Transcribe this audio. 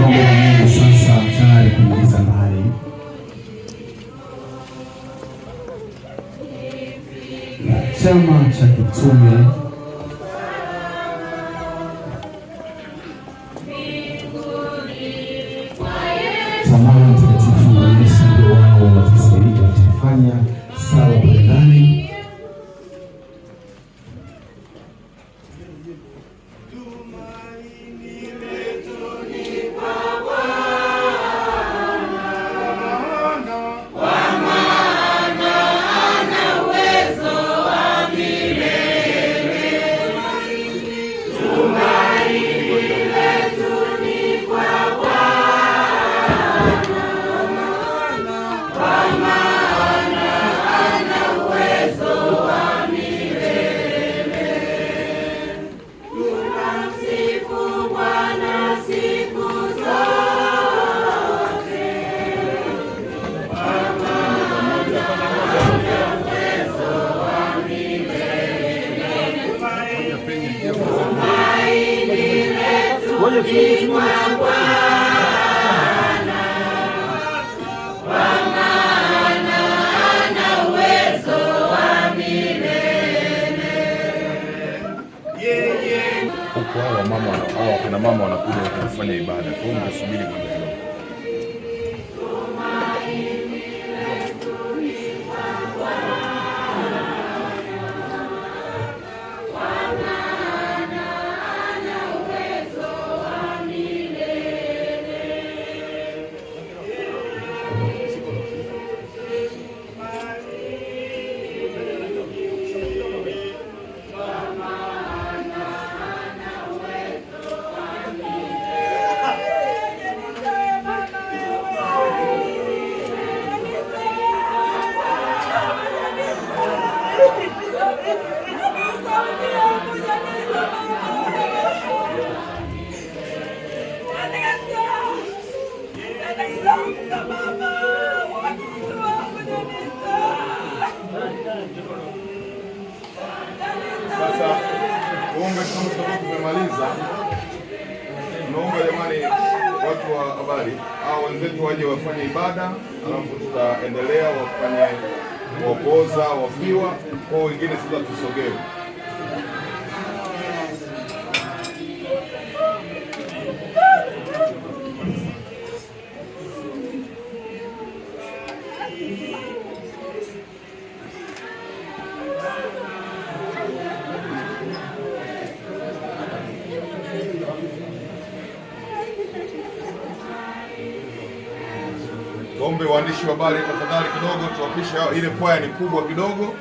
Mungu sasa tayari kuingiza mbali chama cha kitume tamana mtakatifu Yesu ndio wao watasaidia watafanya sawa burudani kwa uwezo wa mama wanakuja kufanya ibada, kwa hiyo mtasubiri. pale watu wa habari au wenzetu waje wafanye ibada, alafu tutaendelea wafanye kuokoza wafiwa kwa wengine, sasa tusogee Tuombe waandishi wa habari tafadhali kidogo, tuwapisha ile kwaya ni kubwa kidogo.